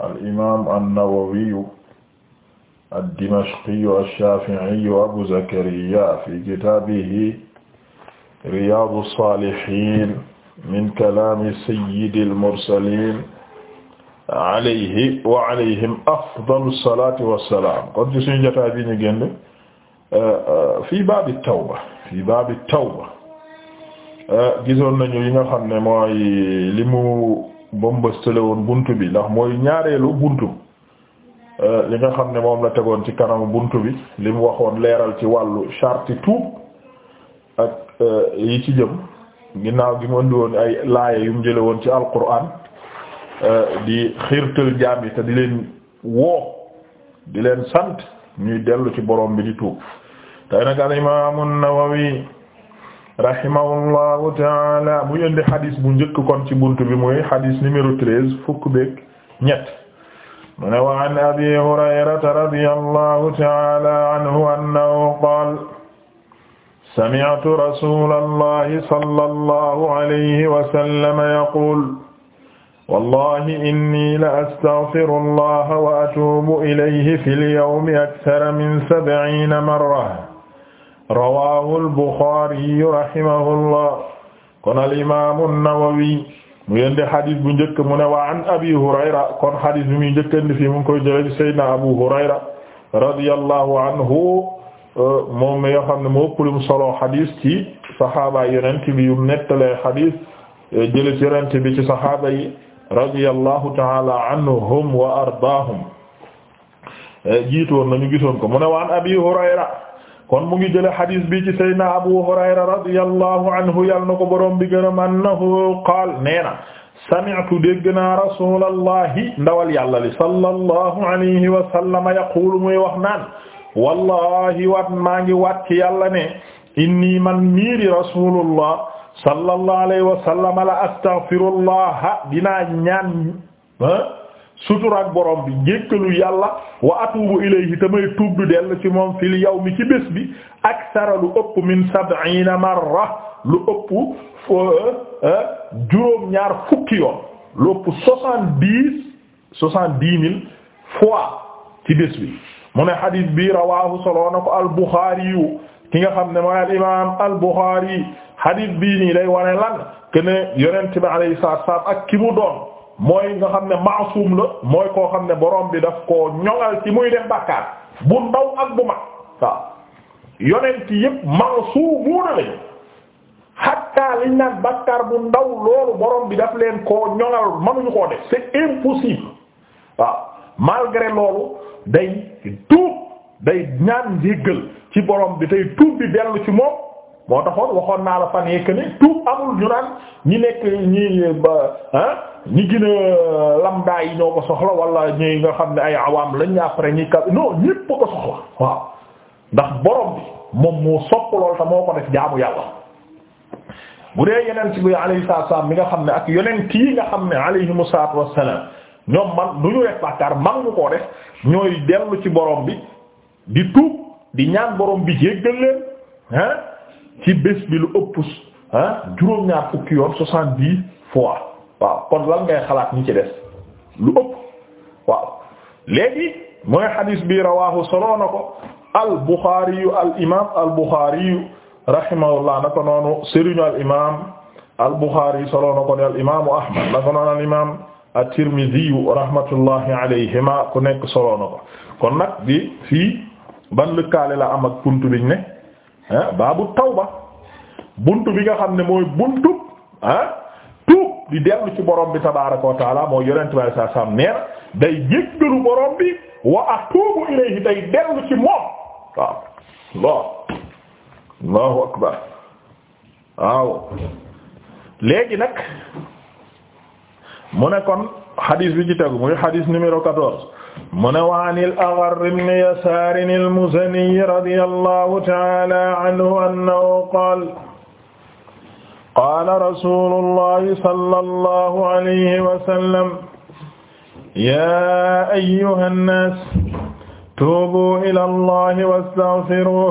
al-imaam an-Nawawiyu ad-Dimashqiyu ash-Shaafi'iyu Abu Zakariyaa fi kitaabihi Riyaadu s-Saalihiin min kalaami sayyidil mursaliin alayhi wa alayhim afdalu s-salaati wa s-salaam kon ci suñu jotaay bi ñu génn euh, euh, fii baabi tawba fii baabi tawba euh, gisoon nañu yi nga xam ne mooy limu bombastale woon bunt bi ndax mooy ñaareelu bunt euh, li nga xam ne moom la tegoon ci kanamu bunt bi li mu waxoon leeral ci wàllu charti tuub ak euh, yi ci jëm ginnaaw gi mu indi woon ay laaya yu mu jële woon ci alquran euh, di xiirtal jaam yi te di leen woo di leen sant ñuy dellu ci borom bi di tuub tey nag al imaamu Nawawi rahimahullahu taala mu yëndi xadis bu njëkk kon ci buntu bi muy xadis numéro treize fukk beeg ñett mu ne wa an abi hurayrata radiyallahu taala anhu annahu qaala sami'tu rasulallahi sallallahu alayhi wa sallam yaqul wallahi inni la astaghfirullaha wa atubu ilayhi fil yawmi akthara min sab'iina marra rawahu al-Bukhari kon al nawawi mu yende hadith bu njëkk mu ne wa abi Hurayra kon hadith bi muy njëkkandi fii mu ngi koy jëlee Seydina Abu Hurayra radiyallahu anhu euh, moom mi nga xam ne moo ëppalum solo hadith ci sahaaba yonent bi yu nettalee hadith euh, jële ci yonent bi ci sahaaba yi wa ardaahum euh, jiitoon nañu gisoon ko mu wa abi Hurayra kon mu ngi jële hadis bi ci saydna abu hurayra radiyallahu anhu yal na ko borom bi gërëm annahu qaal nee na sami'tu dégg naa rasulallahi ndawal yàlla li sallallahu alayhi wa sallama yaquulu muy wax naan wallahi waat maa ngi waat ci yàlla ne inni man miiri rasulullah sallallahu alayhi wa sallama la astaghfirullah dinaa ñaan ah, suturaak borom bi njëkkalu yàlla wa atubu ilayhi tamay tuub dell ci moom fil yawmi ci bés bi aksara lu ëpp min sab'ina marra lu ëpp euh, euh, juróom ñaar fukki yoon lu ëpp soixante dix soixante dix mille fois ci bés bi mu ne xadiis bi rawaahu soloo na ko al Buxaari ki nga xam ne mooy al imaam al Buxaari xadiis bii nii day wane lan kene yonent bi alayhi salaatu wa salaam ak ki mu doon mooy nga xam ne maasum la mooy koo xam ne boroom bi daf koo ñoŋal ci muy def bàkkaar bu ndaw ak bu mag waaw yonent yëpp maasumuuna lañu hatta liñ naan bàkkaar bu ndaw loolu borom bi daf leen koo ñoŋal mënuñu koo def c'est impossible waaw malgré loolu day tuub day ñaan njéggal ci boroom bi tey tuub bi dellu ci moom. moo taxoon waxoon naa la fan yekk ne tuub amul ñu naan ñi nekk ñi ba ah ñi gën a yi ñoo ko soxla wala ñi nga xam ne ay awaam lañ après ñi ka non ñépp ko soxla waaw ndax borom bi moom moo sopp lool te moo ko def jaamu yàlla bu dee yeneen ci bi alayhi salaatu wassalaam mi nga xam ne ak yeneen kii nga xam ne alayhimu salaatu wassalaam ñoom man du ñu def bàkkaar man mu koo def ñooy dellu ci boroom bi di tuub di ñaan borom bi jéggal leen ah ci bés bi lu ëpp ah juróom-ñaar fukki yoon soixante-dix fois kon lan ngay xalaat ñi ci des lu ëpp waaw léegi mooy xadis bi rawaahu soloo na ko al Bukhari yu al imaam al Bukhari yu rahimahullah na ko noonu sëriñu al imaam al Bukhari soloo na al imaamu al imaam at-Tirmidhi rahmatullahi alayhima ku kon nag bi fii ban lëkkaale la am ak puntu biñ ah baabu ba bunt bi nga xam ne mooy buntu ah tuub di dellu ci borom bi tabaaraka wa moo mooy yonent bi saa saam neer day jéggalu borom bi wa atuubu ilayhi day dellu ci moom waaw waaw léegi nag mu ne kon. xadis bi ci tegu muy xadis numéro 14 mu ne waanil Agharr ibn Yasaar al-Muzani radiyallahu ta'ala anhu annahu qaala qaala rasuulullahi sallallahu alayhi wa sallam yaa ayyuhan naas tuubuu ilaa llaahi wastaghfiruuhu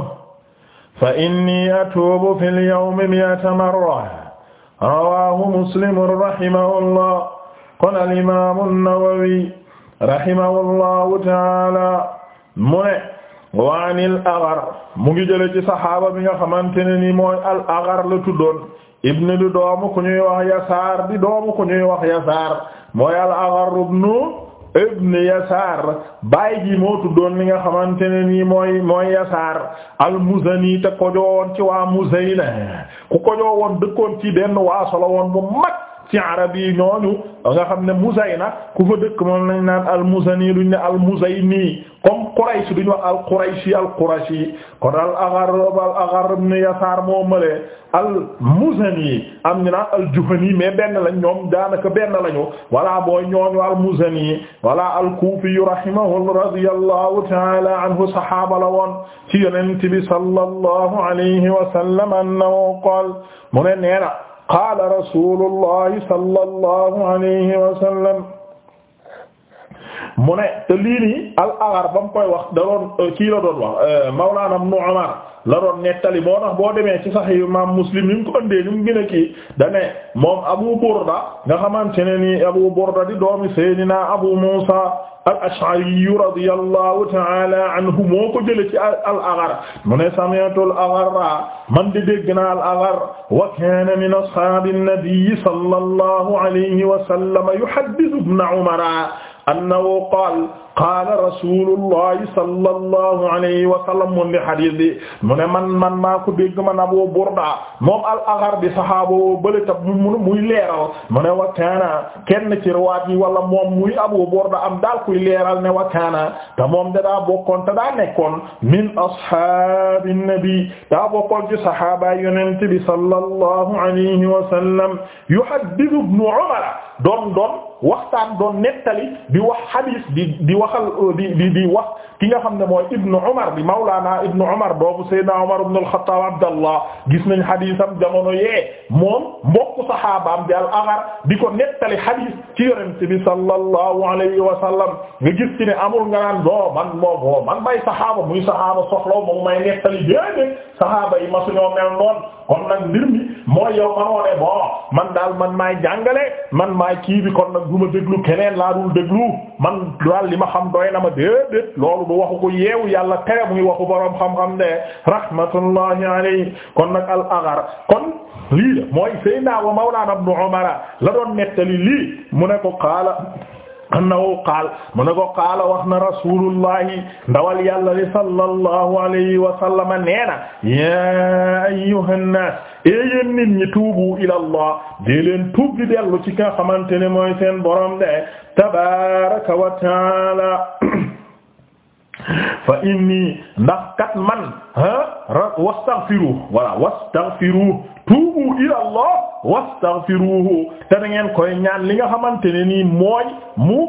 fa innii atuubu fil yawmi mi'ata marra rawaahu muslim rahimahullah kon al imaamu Nawawi rahimahullahu taala mu ne waanil Agar mu ngi jële ci saxaaba bi nga xamante ne ni mooy al Agar la tuddoon ibnu di doomu ku ñuy wax Yasaar di doomu ku ñuy wax Yasaar mooy al Agar ibnu ibnu Yasaar baay ji moo tuddoon li nga xamante ne nii mooy mooy Yasaar al-Muzani te ko joowoon ci waa Muzayna ku ko dëkkoon ci benn waa solo woon bu mag ci arab yi ñooñu xam ne Muzayna ku fa dëkk moom lañ naan al-Muzani duñ ne al-Muzayni comme Quraysh duñ wax al-Qurayshi al-Qurashi kon al-Aghar al-Aghar moo mëlee al-Muzani am ñu naan al-Juhani mais benn lañ ñoom benn lañu walla mooy ñooñu al-Muzani walla al-Kufi rahimahu radiyallahu ta'ala anhu saxaaba la woon ci bi sallallahu alayhi wa sallam annahu qaala mu ne neena qaala rasulullahi sallallahu alayhi wa sallam mu ne te lii nii al agar ba mu koy wax da doon kii la doon wax mawlaana ibnu Umar la doon nettali moo tax boo demee ci Sahih imam Muslim ni mu ko ëndee ni mu gën a kii da ne moom Abu Burda nga xamante ne ni Abu Burda di doomi Seydina Abu Musa al-Ash'ari radiyallahu ta'ala anhu moo ko jëlee ci al-Aghar mu ne sami'tu al-Aghar man di dégg naa al-Aghar wa kaana min ashaabi an-nabi sallallahu alayhi wa sallam yuhaddithu ibn Umar annahu qaala qaala rasulullahi sallallahu alayhi wa sallam mun di xadis bi mu ne man man maa ko dégg man Abu Burda moom al-Aghar bi sahaaba woo bële tab mu muy leeral mu ne wa kaana kenn ci riwaat yi wala moom muy Abu Burda am daal kuy leeral ne wa kaana te moom da daa bokkoon te daa nekkoon min ashaabi nabi daa bokkoon ci sahaaba yonent bi sallallahu alayhi wa sallam yuhaddithu ibnu Umar doon doon waxtaan doon nettali di wax xadiis di di wax waxal euh, di di di wax ki nga xam ne mooy ibnu Umar bi Mawlana ibnu Umar doomu Seydina Umar ibnu al-Khattab Abdallah gis nañ xadiisam jamono yee moom mbokk saxaabaam di al-Aghar di ko nettali xadiis ci Yonent bi sallallahu alayhi wa nga gis ci nga naan doo man moo boo man may saxaaba muy saxaaba soxla moom may nettali déedéet saxaaba yi ma suñoo mel kon nag mbir mi mooy yow manoo ne man daal man maay jàngale man maay kii bi kon nag du ma déglu keneen laa dul déglu man daal li ma xam doy na ma déedéet loolu du waxu ko yeewu yàlla tere muy waxu boroom xam-xam de rahmatullahi alayhi kon nag al agar kon lii la mooy Seydina wa Mawlana Ibn Umar la doon nettali lii mu ne ko qaala annahu qaal mu ne ko qaala wax na rasulullahi ndawal yàlla li sallallahu alayhi wa sallama neena ya ayyuhan nas yéen nit ñi tuubu ila allah dee leen tuub di dellu ci nga xamante ne mooy seen borom de tabaraka wa taala fa inni ndax kat man ah wastaghfiru wala wastaghfiru tuubu ila Allah te da ngeen koy ñaan li nga xamante ne nii mooy mu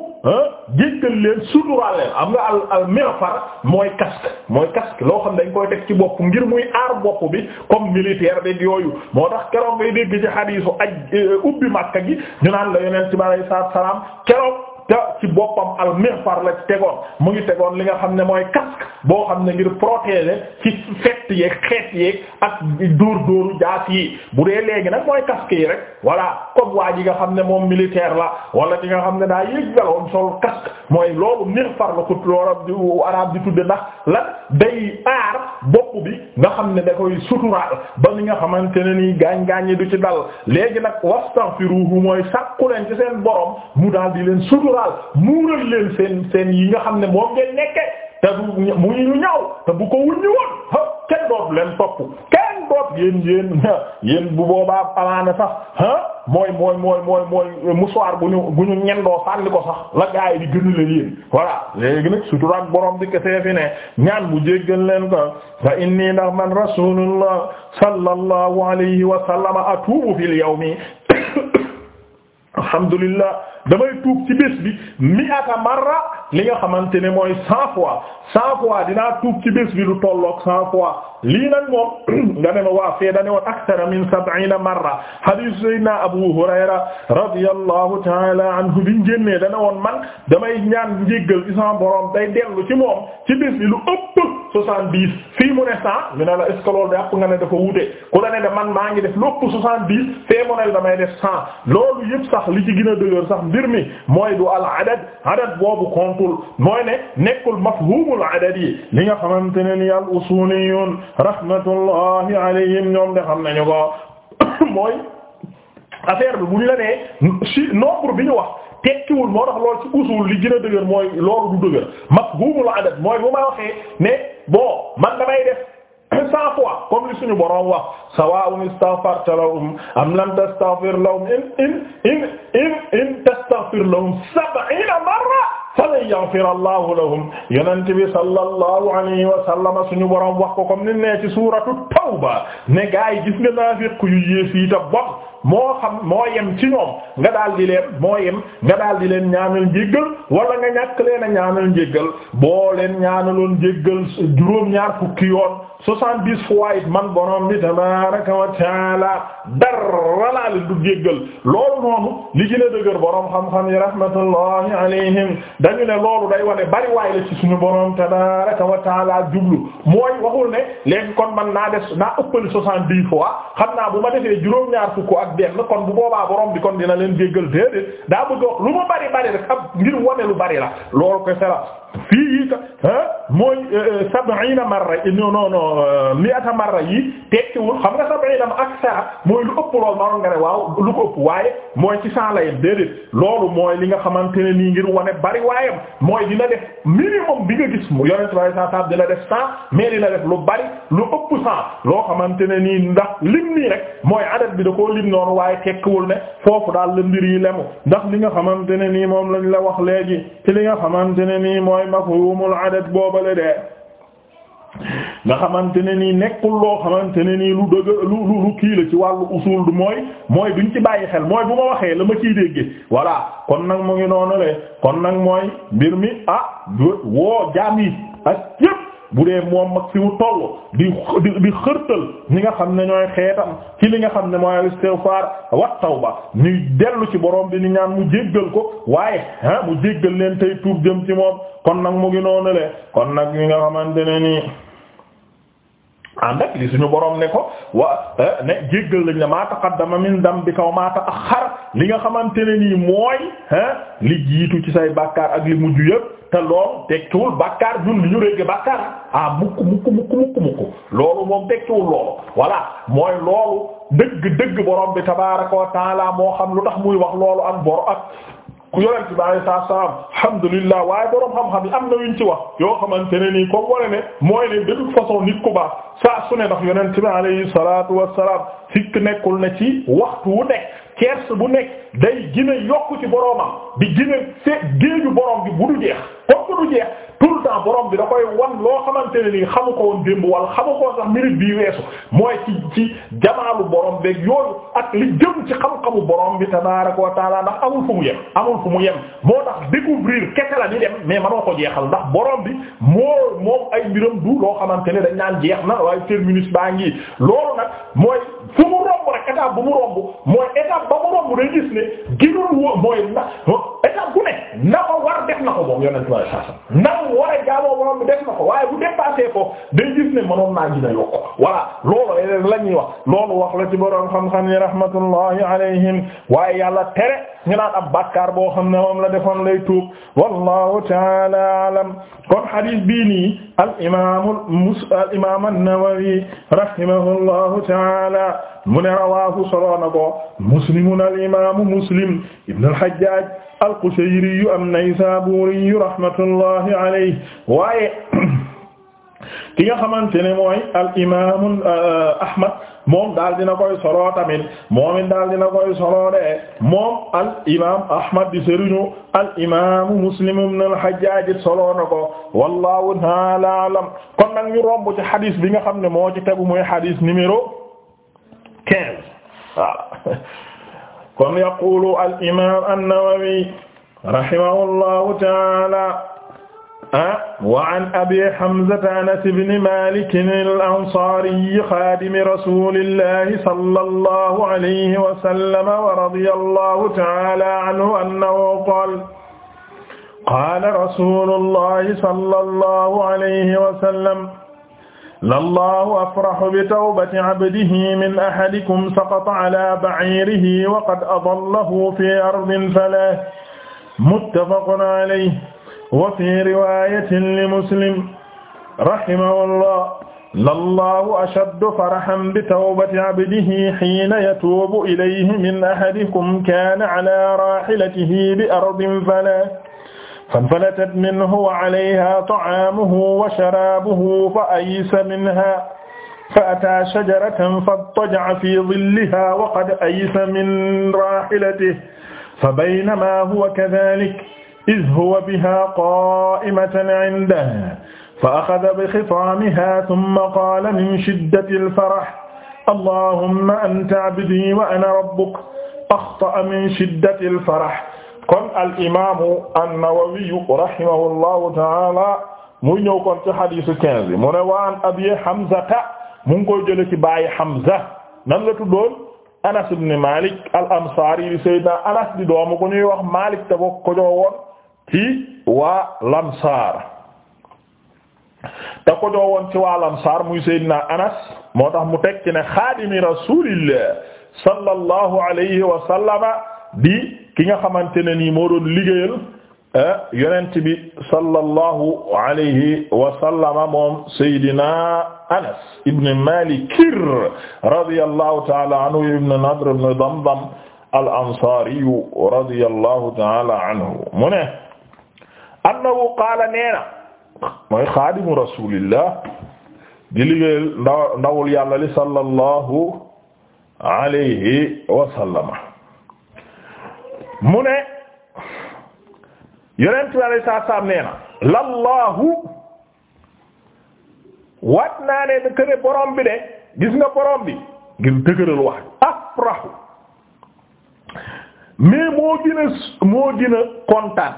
jéggal leen suturaal leen am nga al al mirfar mooy casque mooy casque loo xam dañ koy def ci bopp ngir muy aar bopp bi comme militaire beeg yooyu moo tax keroog ngay dégg ci hadiisu aj eh, ubbi Makka gi ñu naan la yonent bi alayhi salaam keroog. te ci boppam al mihfar la tegoon mu ngi tegoon li nga xam ne mooy casque boo xam ne ngir protéger ci fett yeeg xeet yeeg ak dóor dóoru jaas yi bu dee léegi nag mooy casque yi rek voilà comme waa ji nga xam ne moom militaire la wala ki nga xam ne daa yéeg galoon sol casque mooy loolu mihfar la ko loolu araab di tudde ndax la day aar bopp bi nga xam ne da koy suturaal ba li nga xamante ne nii gaañ yi du ci dal léegi nag wastaghfiruhu mooy sàkku leen ci seen borom mu daal laal muural leen seen yi nga xam ne moom ngeen nekke te du mu ñu ñaw te bu ko wuññi woon kenn dootu leen topp kenn doot yéen yéen yéen bu boobaa amaana sax ah mooy mooy mooy mooy mooy euh, musuwaar bu ñu ñendoo sànni ko sax la gaa yi di gën la yéen voilà léegi nag surtout di kese fi ne ñaan bu jéggal leen ko fa inni ndax man rasulullah sallallahu alayhi wa sallam atubu fil yawmi alhamdulillah damay tuub ci bés bi mi'ata marra li nga xamante ne mooy cent fois cent fois dinaa tuub ci bés lu tolloog cent fois lii nag moom nga ne ma waa fee dane woon akthara min sab'ina marra hadith sayyidina Abu Hurayra radiyallahu ta'ala anhu biñ génnee dane woon man damay ñaan njéggal ci sama borom day dellu ci moom ci bés bi lu ëpp soixante-dix fii mu ne cent ñu ne la est da que loolu yàpp nga ku la ne de man maa ngi def lu ëpp soixante-dix fee mu def cent loolu yëpp sax li ci gën a mbir mi mooy du al adad adad boobu kontul mooy ne nekkul mafhumul adad yi li nga xamante ne ni al usuliyun rahmatullahi alayhim ñoom de xam nañu ko mooy affaire bi buñ la nee si nombre bi ñu wax tekkiwul moo tax loolu usul li gën a dëgër mooy loolu du dëgër mafhumul adad mooy bu ma waxee ne bon man damay def cent fois comme li suñu boroom wax sawaa'un istaghfarta lahum am lam tastaghfir lahum in in in in in lahum sab'iina marra falan yaghfir allahu lahum yonent bi sallallahu alayhi wax ko comme ni nee ci suuratu tawba ne gaa yi gis nga naafiq yu yées ta bopp moo ci ñoom nga daal di leen moo yem nga daal di leen ñaanal njéggal wala nga ñàkk leen a ñaanal njéggal boo leen ñaanaloon njéggal juróom fukki yoon soixante-dix fois it man borom bi tabaaraka wa taala dara laa leen du jéggal loolu noonu li gën a dëgër borom xam-xam yi rahmatullahi alayhim dañu ne loolu day wane bari waay la ci suñu borom tabaaraka wa taala jublu mooy waxul ne léegi kon man naa de naa ëppali soixante-dix fois xam naa bu ma defee juróom-ñaar fukk ak benn kon bu boobaa borom bi kon dina leen jéggal déedéet daa bëgg wax lu ma bari bari ngir wane lu bari la loolu ko sela fii Euh, miata marra yi tekkiwul xam nga sab'iina aksara mooy lu ëpp loolu noonu nga ne waaw lu ko ëpp waaye mooy ci cent la loolu mooy li nga xamante ne nii ngir wane bari waayam mooy dina def minimum bi nga gis mu yonent bi saa saa dina def cent mais dina def lu bari lu ëpp cent loo xamante ne nii ndax lim nii rek mooy adat bi da koo lim noonu waaye tekkiwul ne foofu daal la mbir yi lemu ndax li nga xamante ne nii moom lañ la wax léegi ci li nga xamante ne nii nekkul loo xamante ne nii lu dëgg lu lu lu kii la ci wàllu usul du mooy mooy duñ ci bàyyi xel mooy bu ma waxee la ma ciy déggee voilà kon nag mu ngi noonu le kon nag mooy mbir mi ah woo jaam yi ak yépp bu dee moom mag fi mu toll di di xërtal ñi nga xam ne ñooy xeetam ci li nga xam ne mooy istighfar taw ba ñuy dellu ci borom bi ni ñaan mu jéggal ko waaye ah mu jéggal leen tey tuub jëm ci moom kon nag mu ngi le kon nag ñi nga xamante ne nii ànd ak li suñu borom ne ko wa eh, ne jéggal lañ la maa taqaddama min dambika wa maa ta'akhkhar li nga xamante ne nii mooy eh, li jiitu ci say bàkkaar ak li mujj yëpp te loolu tekkiwul bàkkaar ñun li ñu régge bàkkaar ah mukk mukk mukk mukk loolu moom tekkiwul loolu voilà mooy loolu dëgg dëgg borom bi tabaaraka wa moo xam lu tax muy wax loolu am bor ak ku yonent bi alayhi salaatu salaam alhamdulillah waaye borom xam-xam i am na yuñ ci wax yoo xamante ne nii comme wane ne mooy ne de toute façon nit ku baax saa su ne ndax yonent bi alayhi salaatu wa salaam sikk nekkul na ci waxtu wu nekk. tierce bu nekk day gën a yokk ci boroomam di gën a géeju boroom bi bu du jeex comme bu du jeex tout le temps bi da koy wan loo xamante ne nii xamu ko woon démb wala xamu ko sax minute bii weesu mooy ci ci jamaalu boroom beeg yooyu ak li jëm ci xam-xamu boroom bi tabaaraka wa taala ndax amul fu mu yem amul fu mu yem moo tax découvrir kese la ni dem mais manoo ko jeexal ndax boroom bi moo moom ay mbiram du loo xamante ne dañ naan jeex na waaye terminus baa ngi loolu nag mooy fu mu romb rek étape bu mu romb mooy étape ba mu romb day gis ne ginul mooy na bu ne na war def na ko moom yonent waaye saa na war a jaamoo borom bi def na ko waaye bu dépassé ko day gis ne mënoon naa gën a yokk voilà loolu la ñuy wax lool wax la ci borom xam-xam yi rahmatullahi alayhim waaye yàlla tere ñu ab bàkkaar boo xam ne moom la defoon lay tuub ta'ala a'lam kon hadith bii al imaam al imaam an ta'ala mu ne rawaahu solo na ko muslimun al imaamu muslim ibn al hajjaj al qushayri nga xamante ne mooy al imaamu euh, ahmad moom daal dina moom it daal al imaam di sëriñu al imaamu muslim ibn al hajjaj solo na ko wallahu ta'ala alam kon nag ñu romb ci hadis bi nga xam ne moo ci tegu mooy hadis quinze waaw kon yaqulu al imam an-Nawawi rahimahullahu taala ah, wa an abi Hamza Anas ibn Malik al-Ansari xaadim rasulillahi sallallahu alayhi wa sallam wa radiyallahu taala anhu annahu qaala qaala rasulullahi sallallahu alayhi wa sallam lallahu afrahu bi tawbati abdihi min ahadikum saqata ala ba'irihi wa qad adallahu fi ardin fala muttafaqun alayhi wa fi riwayatin li muslim rahimahullah lallahu ashaddu farahan bi tawbati abdihi hiina yatuubu ilayhi min ahadikum kaana ala raahilatihi bi ardin fala fanfalatat minhu wa alayha ta'aamuhu wa sharaabuhu fa ayisa minha fa ataa shajaratan fattaja'a fi zilliha wa qad ayisa min raahilatihi fa baynamaa huwa kadhaalika idh huwa bihaa qaa'imatan 'indahu fa akhadha bi khitaamihaa thumma qaala min shiddatil farahi allahumma anta 'abdii wa ana rabbuka akhta'a min shiddatil farahi al imaamu an-Nawawi rahimahullahu ta'ala muy ñëw kon ci hadiisu 15 mu ne wa an Abi Hamza mu ngi koy jëlee ci baayu Hamza nan la tuddoon Anas ibn Malik al-Ansari di Seydina Anas di doomu ko ñuy wax Malik te bokk ko joo woon ci waa Lamsaar te muy Seydina Anas moo tax mu teg ci ne xaadimi Rasuulillah sallallahu alayhi wa ki nga xamante ne nii moo doon liggéeyal eh, yonent bi sallallahu alayhi wa sallama moom Seydina Anas ibn Malik radiyallahu ta'ala anhu ibn Nadr ibn Damdam al-Ansari radiyallahu ta'ala anhu mu ne annahu qaala neena mooy xaadimu rasulillah di liggéeyal ndawul yàlla li sallallahu alayhi wa sallama mu ne yonent bi alay saa nee na lallaahu wat naa ne da këre borom bi de gis nga borom bi ngir dëgëral wax afrahu mais moo gën a moo gën kontaan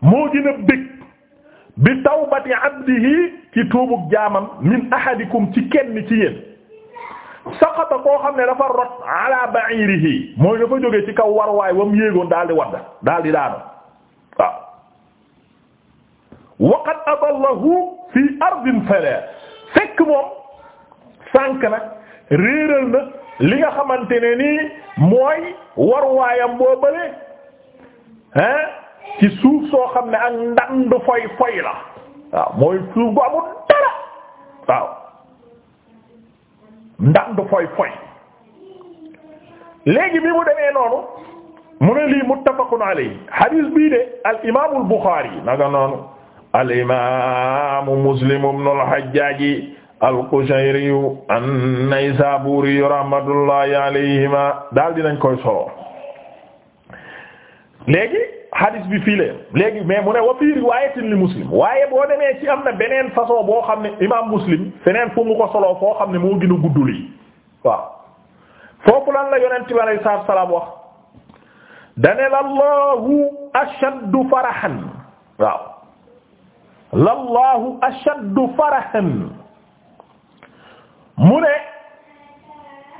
moo gën bëgg bi tawbati abdihi ci tuubug jaamam min ahadikum ci kenn ci yéen saqata koo xam ne dafa rot ala ba'irihi mooy dafa jóge ci kaw war waay wam yéegoon daal di wadd daal di daanu waaw waqad fi ardin fala fekk moom sànk nag réeral na li nga xamante ne nii mooy war waayam boobale hein ci suuf soo xam ne ak ndand foy foy la mooy suuf bu amul dara waaw ndam du léegi bi mu demee noonu mu ne lii muttafaqun alayhi hadis bii de al imaamu al buxaari naka noonu al imaamu muslim ibnu al hajjaaji al qushayriyu an naysaburiyu rahmatullahi alayhima daal dinañ koy solo léegi. hadis bi fii lee léegi mais mu ne wa fii riwaayatin li muslim waaye boo demee ci am na beneen façon boo xam ne imaam muslim feneen fu mu ko soloo foo xam ne moo gën a gudd lii waaw foofu lan la yonent bi alayhi salaatu salaam dane lallahu ashaddu farahan waaw lallahu ashaddu farahan mu ne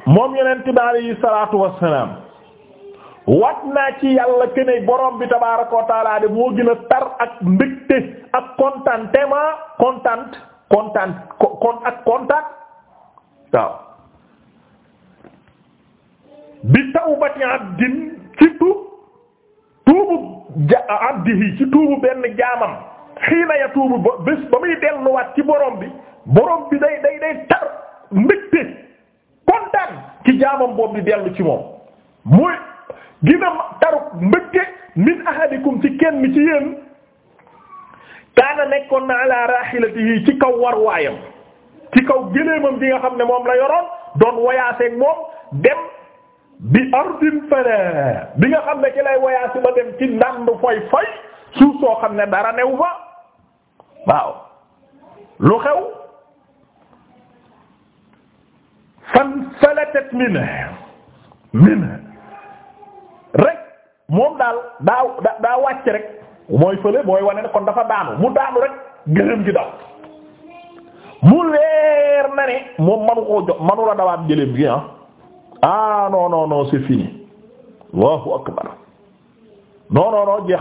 moom yonent bi alayhi salaatu wassalaam wat naa ci yàlla keneen borom bi tabaaraka wa taala de moo gin a tar ak mbégte ak contentement content content kon ak content waaw bi tawbati abdin ci tuub tuubu ja abdihi ci tuubu benn jaamam xiina ya tuubu ba ba muy delluwaat ci borom bi borom bi day day day tar mbégte content ci jaamam boobu di dellu ci moom mooy gina taruk mbëkke min ahadikum ci kenn ci yéen kaana nekkoon na ala rahilatihi ci kaw war waayam ci kaw gëléemam bi nga xam ne moom la yoroon doon woyaaseeg moom dem bi nga xam ne ci lay woyaasi ba dem ci ndand foy foy suuf soo xam ne dara new fa waaw lu xew fan falatat minhu minhu moom daal daa wàcc rek mooy fële mooy wane ne kon dafa daanu mu daanu rek gëlëm gi daw mu leer na ne moom manu koo manu la dawaat gëlëm ah. ah,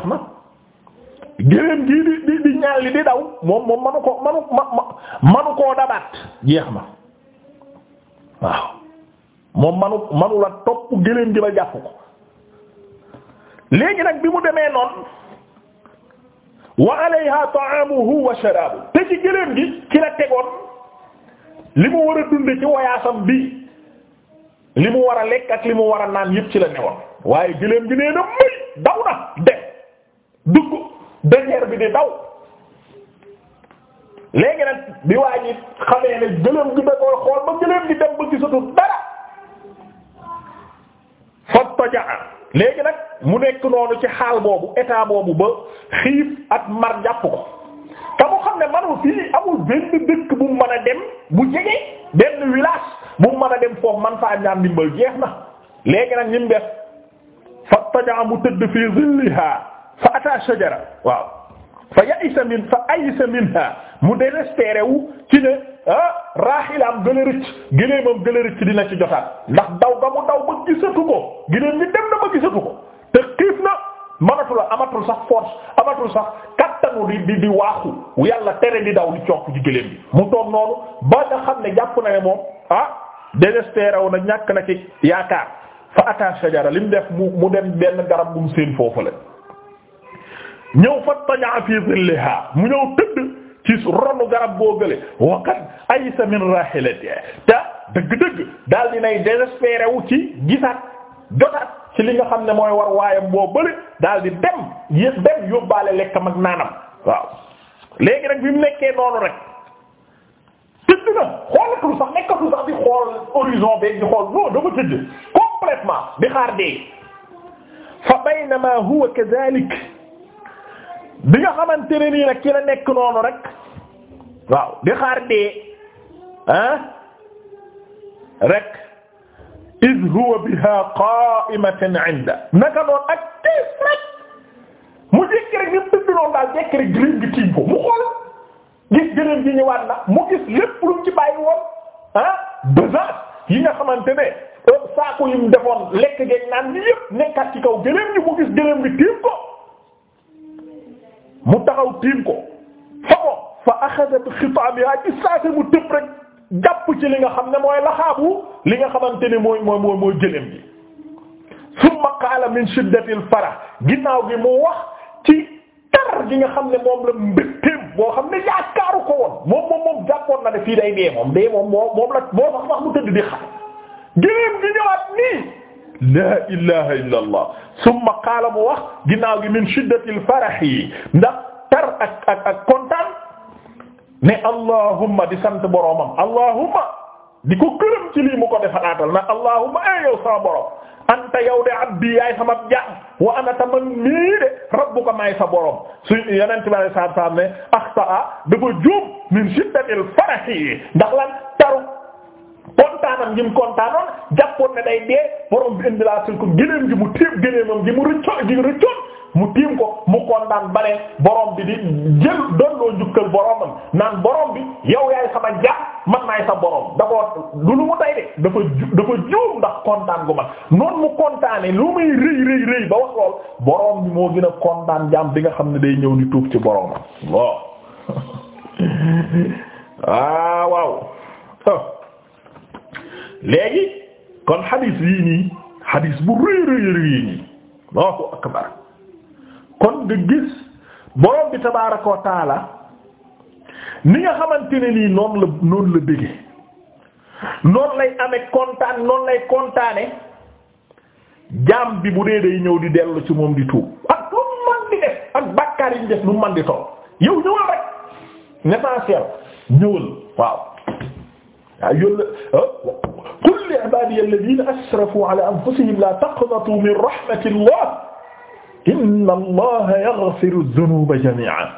na gëlëm gii di di manu ko koo dabaat jeex na waaw moom manu manu la topp gëlëm gi ba jàpp ko. léegi nag bi mu demee noonu wa alayha ta'amuhu wa sharabu te ci gëléem gi ki la tegoon li mu war a dund ci wayaasam bi li mu war a lekk ak li mu war a naan yépp ci la newoon waaye gëléem gi nee na muy daw na dem dugg deneer bi di daw léegi nag bi waa ji xamee ne gëléem gi da koy xool ba gëléem gi dem ba gisatu dara fattaja léegi nag mu nekk noonu ci xaal boobu état boobu ba xiif ak mar jàpp ko te mu xam ne manul fii amul benn dëkk bu mën a dem bu jege benn village bu mën a dem foofu man faa ñaan ndimbal jeex na léegi nag ñim def fa mu tëdd fi zilliha fa ata shajara waaw fa ya'isa min mu désespéré wu ci ne ah raaxilaam gële rëcc gëlee moom gële dina ci jotaat ndax daw ga mu daw ba gisatu ko gëneen ñi dem na gisatu ko manatula amatul sax force amatul sax kattanu di di di waaxu yàlla tere di daw di cokk ci gëléem bi mu toog noonu ba nga xam ne jàpp na ne moom ah désespéré na ñàkk na ci yaakaar fa ata shajara li def mu mu dem benn garab bu mu seen foofu la ñëw fa tañaa fi zilliha mu ñëw tëdd ci ronu garab boo gële waqat aysa min rahilati te dëgg-dëgg daal dinay désespéré ci gisaat jotaat li nga xam ne mooy war waayam boo bëri daal di dem yéen dem yóbbaale lekkam ak naanam bi mu nekkee noonu rek tëdd na xoolatul sax nekkatul sax di xool horizon beeg di xool non dafa tëdd complètement di xaar dee fa baynama huwa kadhalik bi nga xamante ne nii na ci la nekk noonu rek waaw di xaar dee ah rek iz huwa biha qa'imatan 'inda naka noonu ak tiis nag mu jékki rek ñëpp tëdd noonu daal jékki rek gëlëm gi tiim ko mu xool gis gëlëm gi ñëwaat na mu gis lépp lu mu ci bàyyi woon ah besace yi nga xamante ne euh, saako yi mu defoon lekk geeg naan li yëpp nekkaat ci kaw gëlëm gi mu gis gëlëm gi tiim ko mu taxaw tiim ko fa ko fa axadat xitaabiha ci saase mu tëb rek. jàpp ci li nga xam ne mooy laxaabu li nga xamante ne mooy mooy mooy mooy jëlem bi summa qaala min shiddatil farah ginnaaw gi mu wax ci tar gi nga xam ne moom la mbëtteem boo xam ne yaakaaru ko woon moom moom moom jàppoon na ne fii day dee moom dee moom moo moom la moo tax wax mu tëdd di xam jëlem gi ñëwaat nii laa ilaha illa allah summa qaala mu wax ginnaaw gi min shiddatil farah yi ndax tar ak ak ak kontaan ne allahumma di sant boroomam allahumma di ko gërëm ci lii mu ko defaraatal na allahumma ay eh, yow sama borom anta yow de abdi yaay sama jaam wa ana taman mii de rabbuka maay sa borom suñ yonent bi alei saatu salaam ne axtaa dafa juum min shiddatil farahi ndax lan taru kontaanam gi mu kontaanoon ne day dee borom bi indi laa sul ko gi mu téeb gëléemam gi mu rëccoon gi rëccoon mu tiim ko mu kontaan ba ne bi di jël doon njukkal boromam naan borom bi yow yaay sama jaam man maay sa borom da ko du lu mu tay de dafa juum ndax kontaan gu mag noonu mu kontaane lu muy rëy rëy rëy ba wax lool borom bi moo gën a kontaan jaam bi nga xam ne day ñëw di tuub ci boromam waaw ah waaw léegi kon xadiis yii nii xadiis bu rëy rëy rëy nii Allahu akbar kon nga gis borom bi tabaaraka wa taala ni nga xamante ne nii noonu la noonu la bëgge noonu lay amee kontaan noonu lay kontaane jaam bi bu dee day ñëw di dellu ci moom di tuub ak lu mu man di def ak bàkkaar def lu man di toll yow ñëwal rek l'essentiel ñëwal waaw waaw yólla ah, qul li ibadiya alladhina asrafu inna allaha yaghfiru dhunuba jami'a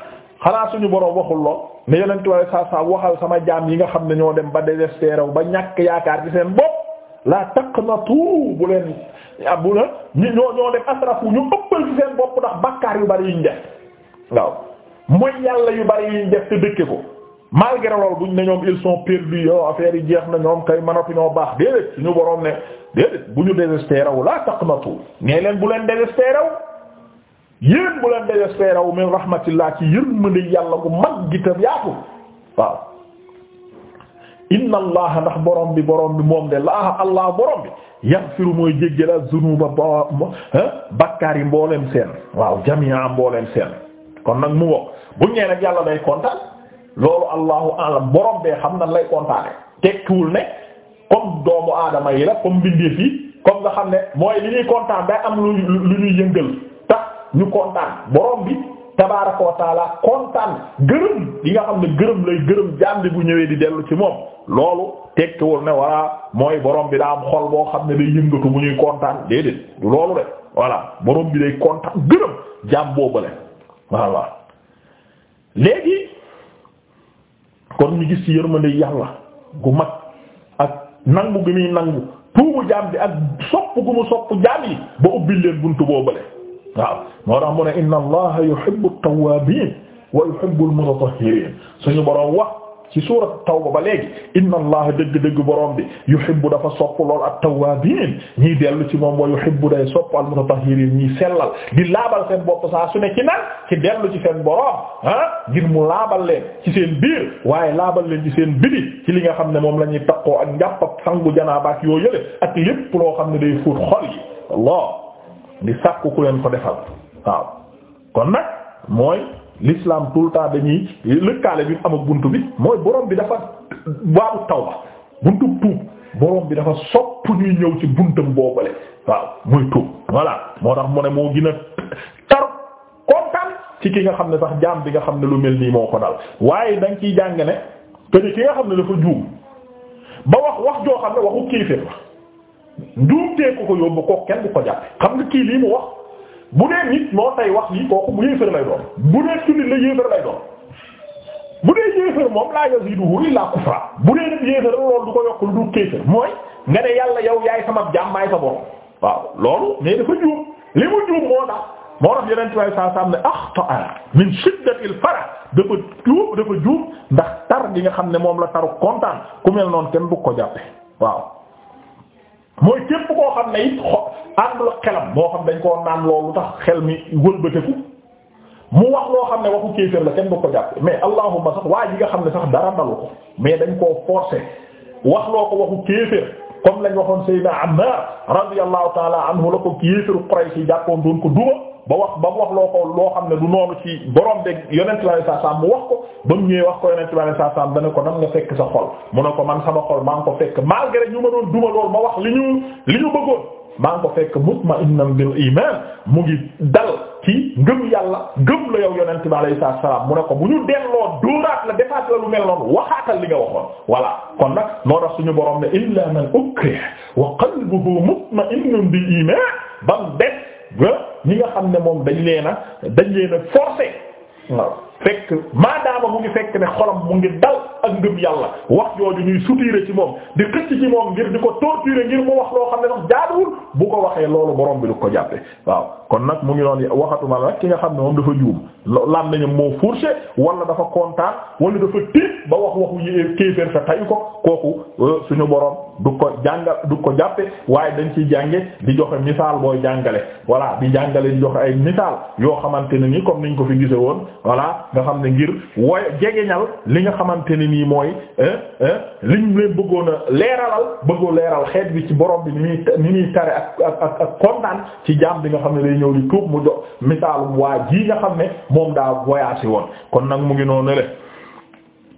xanaa suñu boroom waxul lool ne yonent waaye saa saa waxal sama jaam yi nga xam ne ñoo dem ba désespéré wu ba ñàkk yaakaar bi seen bopp la taqnatu bu leen ah, bu la ñu ñoo ñoo dem asrafu ñu ëppal ci seen bopp ndax bakkaar yu bari yuñ def waaw mooy yàlla yu bari yuñ def te dëkke ko malgré loolu buñ ne ñoom ils sont perdus yow oh, affaire yi jeex na ñoom kay mënatu ñoo baax déedéet suñu boroom ne déedéet bu ñu désespéré wu la yéen bu leen désespéré wu min rahmatillah ci yërmande yàlla bu mag gi tam yaatu waaw inna allah ndax borom bi borom bi moom de laaha allah borom bi yaghfiru mooy jéggal az-zunuba ba bakkaar yi mbooleem seen waaw jami'a mbooleem seen kon nag mu ngo bu ñee nag yàlla day kontaan loolu allahu alam borom bee xam nan lay kontaane tekkiwul ne comme doomu aadama yi la comme mbindeef yi comme nga xam ne mooy li ñuy kontaan day am lu lu ñuy yëngal ñu kontaan borom bi tabaaraka wa kontaan gërëm li nga xam ne gërëm lay gërëm jaam bi bu ñëwee di dellu ci moom loolu tekkiwul ne walla mooy borom bi daa am xol boo xam ne day yëngatu bu ñuy kontaan déedéet loolu de voilà borom bi day kontaan gërëm jaam boobale voilà léegi kon ñu gis ci yërmande yàlla gu mag ak nangu gi muy nangu tuubu jaam bi ak sopp gu mu sopp jaam yi ba ubbil leen buntu boobale waaw moo tax mu ne inna allaha yuhibbu at-tawwabin wa yuhibbu al-mutatahhirin suñu boroom wax ci suurat tawba ba léegi inna allaha dëgg-dëgg borom bi yuhibbu dafa sopp lool at-tawwabin ñiy dellu ci moom wa yuhibbu day sopp al-mutatahhirin ñiy sellal di laabal seen bopp saa su ne ci nag ci dellu ci seen borom ah ngir mu laabal leen ci seen biir waaye laabal leen ci seen biti ci li nga xam ne moom la ñuy taqoo ak njàpp ak sangu janaabaak yoo yële ak lépp loo xam ne day fóot xol yi Allah ni sàkku ku leen ko defal waaw kon nag mooy l'islam tout dañuy lëkkaale bi am ak buntu bi mooy borom bi dafa baabu tawba buntu tuub borom bi dafa sopp ñuy ñëw ci buntam boobale waaw muy tuub voilà moo tax mu ne moo gin a tar kontaan ci ki nga xam ne sax jaam bi nga xam ne lu mel nii moo ko dal waaye da nga ciy jàng ne te ni ki nga xam ne dafa juum ba wax wax joo xam ne waxu kéefër la njuumtee ko ko yóbbu ko kenn bu ko jàppe xam nga kii lii mu wax bu dee nit moo tay wax lii kooku bu yéefër lay doon bu dee jullit la yéefër lay doon bu dee yéefër moom laa yaziduhu illa kufra bu dee nag yéefër loolu du ko yokk du kéefër mooy nga ne yàlla yow yaay sama jàmmaay sa borom waaw loolu mais dafa juum li mu juum moo tax moo tax yeneen tubaab saa saa ne axtaa min shiddatil fara dafa juum dafa juum ndax tar gi nga xam ne moom la taru kontaan ku mel noonu ko jàppe waaw. mooy képp koo xam ne it xo àndul xelam moo xam dañ koo naan loolu tax xel mi wëlbateku mu wax loo xam ne waxu kéefër la kenn du ko jàpp mais allahuma sax waa ji nga xam ne sax dara dalu ko mais dañ koo forcer wax loo ko waxu kéefër comme lañ waxoon Seydina Ammar radiyallahu taala anhu la ko kéefëru Quraysh jàppoon doon ko duma ba wax ba mu wax loo ko loo xam ne du noonu ci borom de yonent bale saa saam mu wax ko ba mu ñëwee wax ko yonent bale saa saam dana ko nan nga fekk sa xol mu ne ko man sama xol maa ngi ko fekk malgré ñu ma doon duma lool ma wax li ñu li ñu bëggoon maa ngi ko fekk mutma'innan bil iman mu ngi dal ci ngëm yàlla ngëm la yow yonent bi alayhi salaam mu ne ko bu ñu delloo dóoraat la defaat la lu mel noonu waxaatal li nga waxoon voilà kon nag moo tax suñu borom ne illa man ukriha wa qalbuhu mutma'innun bil iman bam des ñi nga xam ne moom dañ leen a dañ leen a forcer waaw fekk maadaama mu ngi fekk ne xolam mu ngi dal ak ngëm yàlla wax jooju ñuy sutiire ci moom di xëcc ci moom ngir di ko torturer ngir mu wax loo xam ne sax jaaduwul waaw kon nag mu ngi noon waxatuma la ki nga xam ne moom dafa juum lan nañu moo fourché wala dafa kontaan wala dafa tiit ba wax waxu yé kéeféer sa tayu ko kooku euh, suñu borom du ko jàngal du ko jàppe waaye dañ ciy jànge di joxe misaal booy jàngale voilà di jàngale di joxe ay yoo xamante ne ni comme niñ ko fi gise woon nga xam ne ngir woy jegeñal li nga xamante ne nii mooy liñ leen bëggoon a leeralal bëggoon leeral xeet bi ci borom bi ni muy ni muy tare ak ak ak kontaan ci jaam bi nga xam ne day ñëw di tuub mu jox misaalum waa ji nga xam ne moom daa voyagé woon kon nag mu ngi noonu le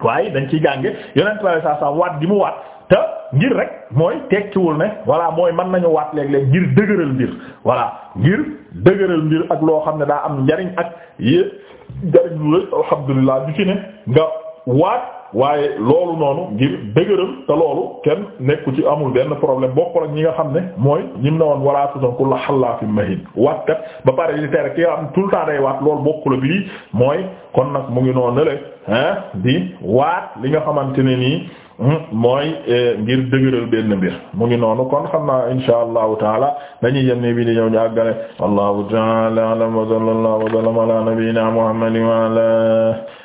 waaye dañ ciy jànge yonent bi saa saa waat gi mu waat te ngir rek mooy tekkiwul ne voilà mooy mën nañu waat léeg-léeg ngir dëgëral mbir voilà ngir dëgëral mbir ak loo xam ne daa am njariñ ak yéen njariñ lu alhamdulilah du waaye loolu noonu ngir dëgëral te loolu kenn nekku ci amul benn problème bokkul ak ñi nga xam ne mooy ñim na woon walaa tusan ku la xallaafin mahin waat kat ba pare di tere ki nga xam tout le temps day waat loolu bokkul ak lii mooy kon nag mu ngi noonu le hein di waat li nga xamante ne nii hmm, mooy eh, ngir dëgëral benn mbir mu ngi noonu kon xam naa insha allahu taala dañuy yem ne bi di ñëw ñu àggale wallahu taala alam wa sallallahu wa sallama